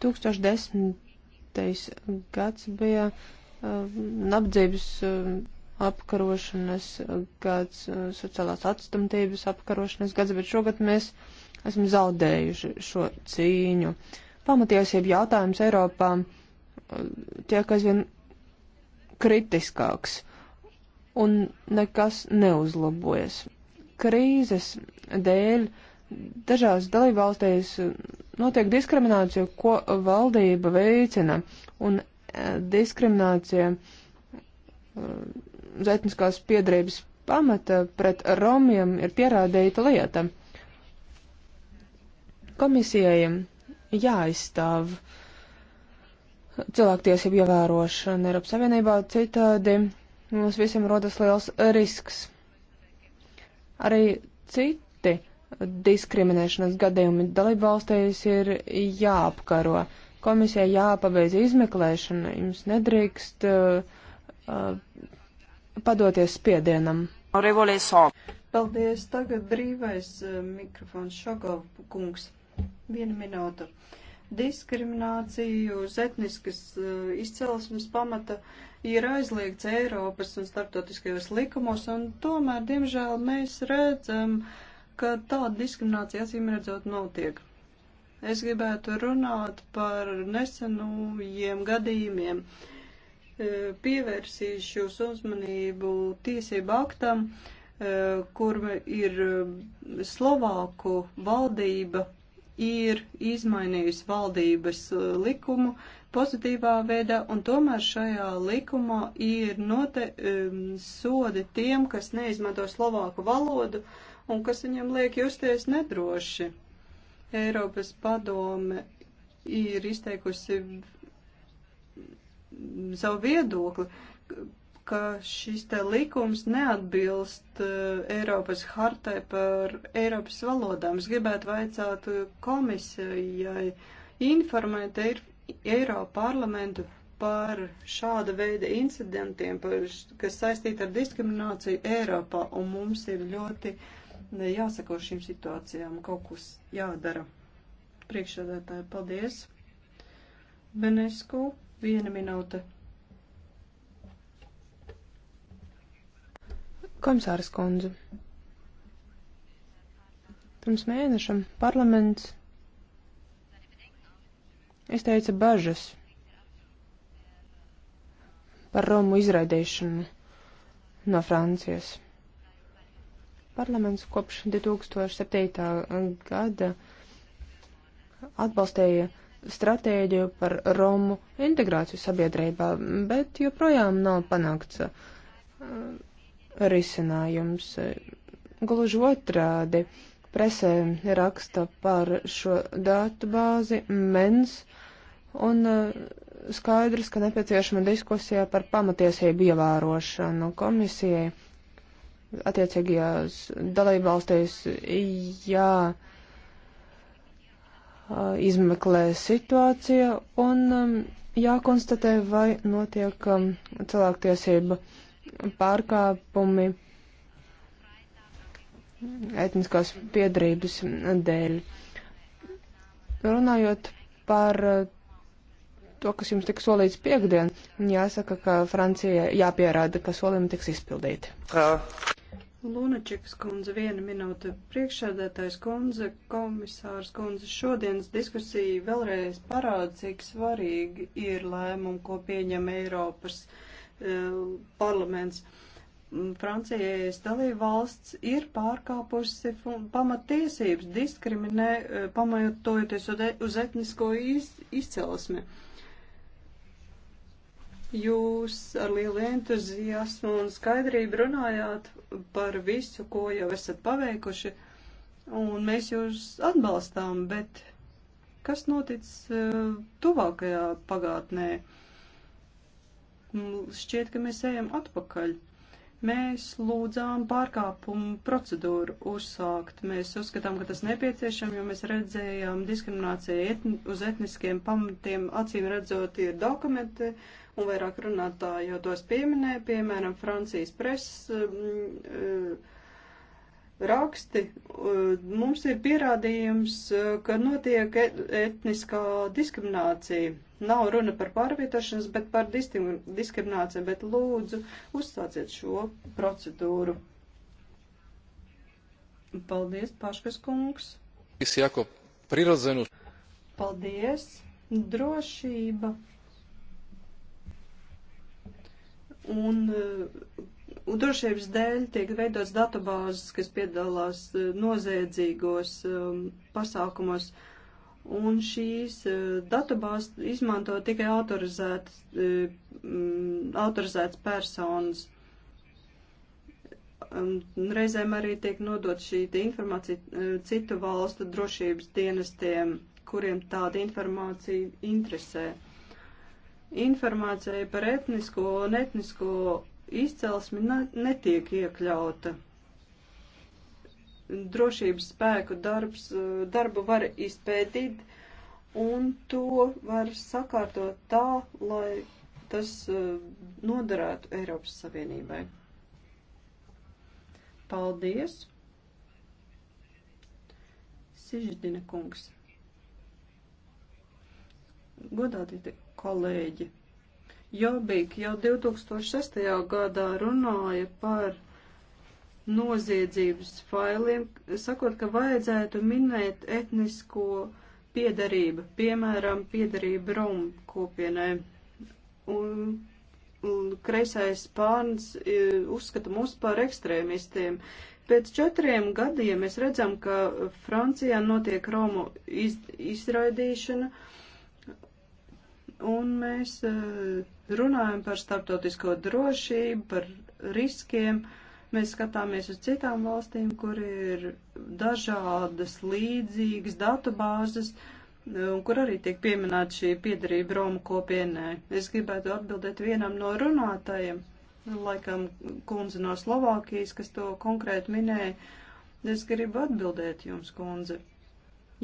2010. gads bija uh, nabadzības uh, apkarošanas uh, gads, sociālās atstumtības apkarošanas gads, bet šogad mēs esam zaudējuši šo cīņu. Pamatiesība jautājums Eiropā tiek aizvien kritiskāks un nekas neuzlabojas. Krīzes dēļ dažās dalībvalstīs notiek diskriminācija, ko valdība veicina, un eh, diskriminācija eh, uz etniskās piedrības pamata pret romiem ir pierādīta lieta. Komisijai jāizstāv cilvēktiesību ievērošana Eiropas Savienībā, citādi mums visiem rodas liels risks. Arī citi diskriminēšanas gadījumi dalībvalstīs ir jāapkaro. Komisijai jāpabeidz izmeklēšana, jums nedrīkst uh, uh padoties spiedienam. Paldies, tagad brīvais uh, mikrofons Šogov kungs. Viena minūte. Diskrimināciju uz etniskas uh, izcelsmes pamata ir aizliegts Eiropas un starptautiskajos likumos, un tomēr, diemžēl, mēs redzam, uh, ka tāda diskriminācija acīm redzot notiek. Es gribētu runāt par nesenajiem gadījumiem. E, Pievērsīšos uzmanību tiesību aktam, e, kur ir e, Slovāku valdība ir izmainījusi valdības likumu pozitīvā veidā, un tomēr šajā likumā ir note, um, sodi tiem, kas neizmanto slovāku valodu, uh, un kas viņam liek justies nedroši. Eiropas padome ir izteikusi savu viedokli, ka šis te likums neatbilst eh, Eiropas hartai par Eiropas valodām. Es gribētu vaicāt komisijai informēt Eiropa parlamentu par šāda veida incidentiem, par, kas saistīti ar diskrimināciju Eiropā, un mums ir ļoti uh, jāsako šīm situācijām, kaut kas jādara. Priekšsēdētāji, paldies. Benesku, viena minūte. Komisāras kundze. Pirms mēnešam parlaments izteica bažas par Romu izraidīšanu no Francijas. Parlaments kopš 2007. gada atbalstīja stratēģiju par Romu integrāciju sabiedrībā, bet joprojām nav panākts uh, risinājums. Gluži otrādi, presē raksta par šo datu bāzi mens un uh, skaidrs, ka nepieciešama diskusija par pamatiesību ievērošanu komisijai attiecīgajās dalībvalstīs jā izmeklē situācija un um, jākonstatē, vai notiek um, cilvēktiesība pārkāpumi etniskās piedrības dēļ. Runājot par to, kas jums tika solīts piekdien, jāsaka, ka Francija jāpierāda, ka solījumi tiks izpildīti. Frau. Lunačekas kundze, viena minūte priekšsēdētājs kundze, komisārs kundze. Šodienas diskusija vēlreiz parāda, cik svarīgi ir lēmumu, ko pieņem Eiropas e, parlaments. Francijas dalība valsts ir pārkāpusi pamatiesības, diskriminē, e, pamatojoties e-, uz etnisko iz, izcelsmi. Uh, Jūs ar lielu entuziasmu un skaidrību runājāt par visu, ko jau esat paveikuši, un mēs jūs atbalstām, bet kas notic eh, tuvākajā pagātnē? Šķiet, ka mēs ejam atpakaļ. Mēs lūdzām pārkāpumu procedūru uzsākt. Mēs uzskatām, ka tas nepieciešam, jo mēs redzējām diskrimināciju etni, uz etniskiem pamatiem, acīm redzot, ir dokumenti, un vairāk runātāji jau tos pieminēja, piemēram, Francijas preses. Uh, uh, raksti, eh, mums ir pierādījums, eh, ka notiek e-, etniskā diskriminācija. Nav runa par pārvietošanas, bet par diskrimināciju, bet lūdzu uzsāciet šo procedūru. Paldies, Paškas kungs. Es jāko prirodzenu. Paldies, drošība. Un Un uh, drošības dēļ tiek veidots datubāzes, kas piedalās uh, noziedzīgos um, pasākumos. Uh, un šīs eh, datubās izmanto tikai autorizētas, eh, mm, autorizētas personas. Reizēm arī tiek nodot šī informācija eh, citu valstu drošības dienestiem, kuriem tāda informācija interesē. Informācija par etnisko un etnisko izcelsmi netiek iekļauta drošības spēku darbs, eh, darbu var izpētīt un to var sakārtot tā, lai tas eh, noderētu Eiropas Savienībai. Paldies! Sižģina kungs. Godātie kolēģi, Jobīk jau 2006. gadā runāja par noziedzības failiem, sakot, ka vajadzētu minēt etnisko piedarību, piemēram, piedarību Romu kopienai. Un, un kreisais pārns e, uzskata mūs par ekstrēmistiem. Pēc četriem gadiem mēs redzam, ka Francijā notiek Romu iz, izraidīšana un mēs e, runājam par starptautisko drošību, par riskiem. Uh, Mēs skatāmies uz citām valstīm, kur ir dažādas līdzīgas datubāzes, kur arī tiek pieminēta šī piedarība Romu kopienē. Es gribētu atbildēt vienam no runātājiem, laikam kundze no Slovākijas, kas to konkrēti minēja. Es gribu atbildēt jums, kundze.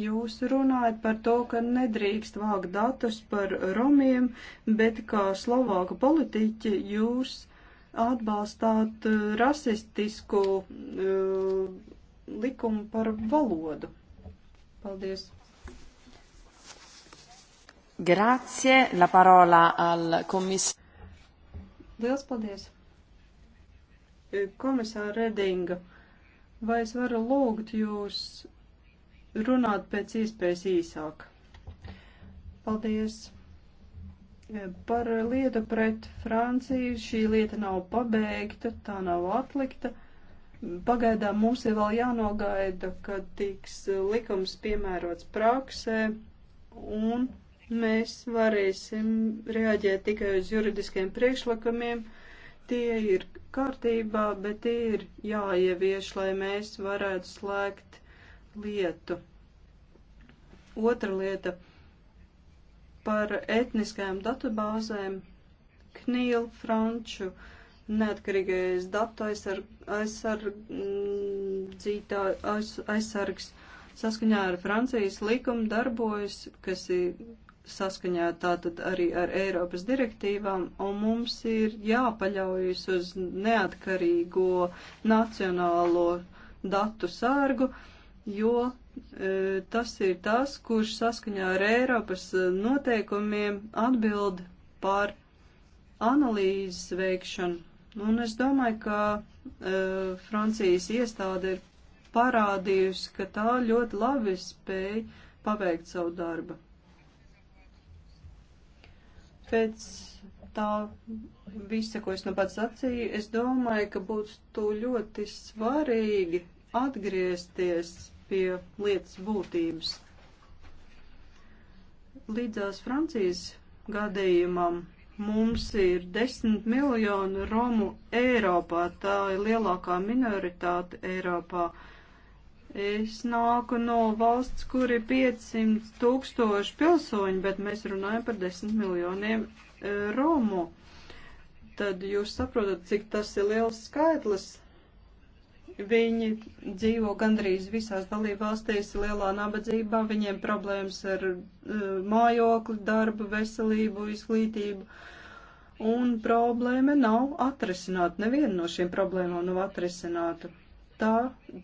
Jūs runājat par to, ka nedrīkst vākt datus par romiem, bet kā slovāku politiķi jūs atbalstāt eh, rasistisku uh, likumu par valodu. Paldies. Grazie, la parola al komis. Liels paldies. Eh, komisāra Redinga, vai es varu lūgt jūs runāt pēc iespējas īsāk? Paldies. Par lietu pret Franciju šī lieta nav pabeigta, tā nav atlikta. Pagaidām mums ir vēl jānogaida, kad tiks likums piemērots praksē, un mēs varēsim reaģēt tikai uz juridiskiem priekšlikumiem. Tie ir kārtībā, bet tie ir jāievieš, lai mēs varētu slēgt lietu. Otra lieta par etniskajām datubāzēm Knīl Franču neatkarīgais datu aizsarg, aizsargzītā aiz, aizsargs saskaņā ar Francijas likumu darbojas, kas ir saskaņā tātad arī ar Eiropas direktīvām, un mums ir jāpaļaujas uz neatkarīgo nacionālo datu sārgu, jo E, tas ir tas, kurš saskaņā ar Eiropas e, noteikumiem atbild par analīzes veikšanu. Un es domāju, ka uh, Francijas iestāde ir parādījusi, ka tā ļoti labi spēja paveikt savu darbu. Pēc tā visa, ko es nu pats sacīju, es domāju, ka būtu ļoti svarīgi atgriezties pie lietas būtības. Līdzās Francijas gadījumam mums ir 10 miljoni Romu Eiropā, tā ir lielākā minoritāte Eiropā. Es nāku no valsts, kur ir 500 tūkstoši pilsoņi, bet mēs runājam par 10 miljoniem e, Romu. Tad jūs saprotat, cik tas ir liels skaitlis Viņi dzīvo gandrīz visās dalībvalstīs lielā nabadzībā, viņiem problēmas ar uh, mājokli, darbu, veselību, izglītību. Un problēma nav atrisināta. Neviena no šīm problēmām nav atrisināta. Tā,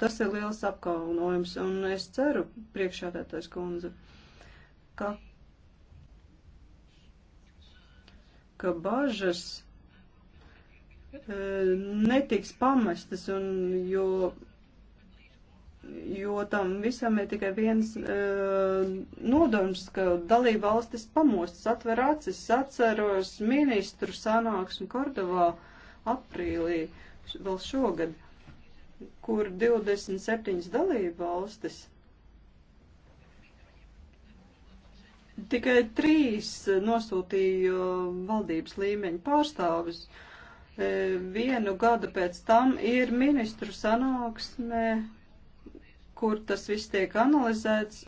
tas ir liels apkaunojums, un es ceru, priekšādētais kundze, ka, ka bažas E, netiks pamestas, un, jo, jo tam visam ir tikai viens uh, nodoms, ka dalība valstis pamostas, atver acis, atceros ministru sanāksmi Kordovā aprīlī vēl šogad, kur 27 dalība valstis. Tikai trīs nosūtīja valdības līmeņa pārstāvis. Uh, E, vienu gadu pēc tam ir ministru sanāksme, kur tas viss tiek analizēts,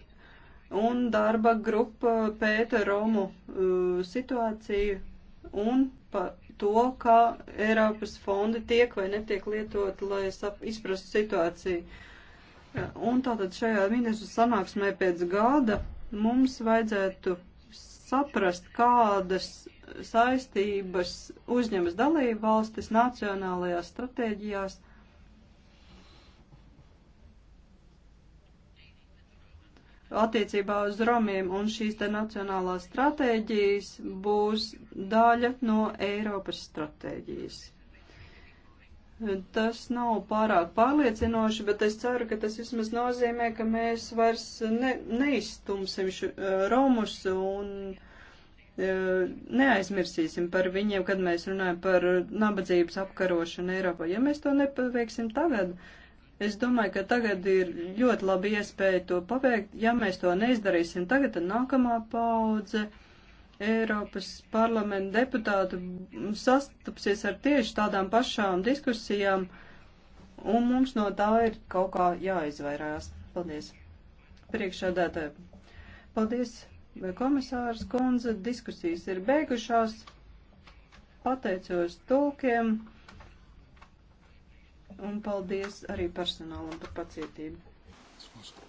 un darba grupa pēta Romu e, situāciju un pa to, kā Eiropas fondi tiek vai netiek lietot, lai izprastu situāciju. E, un tātad šajā ministru sanāksmē pēc gada mums vajadzētu saprast, kādas saistības uzņemas dalību valstis nacionālajās stratēģijās. Attiecībā uz romiem un šīs te nacionālās stratēģijas būs daļa no Eiropas stratēģijas. Tas nav pārāk pārliecinoši, bet es ceru, ka tas vismaz nozīmē, ka mēs vairs ne, neizstumsim šu, eh, romus un eh, neaizmirsīsim par viņiem, kad mēs runājam par nabadzības apkarošanu Eiropā. Ja mēs to nepaveiksim tagad, es domāju, ka tagad ir ļoti laba iespēja to paveikt. Ja mēs to neizdarīsim tagad, tad nākamā paudze. Uh, Eiropas parlamenta deputāti sastapsies ar tieši tādām pašām diskusijām, un mums no tā ir kaut kā jāizvairās. Paldies. Priekšādētāji. Paldies, komisārs kundze. Diskusijas ir beigušās. Pateicos tulkiem. Un paldies arī personālam par pacietību. Sponsor.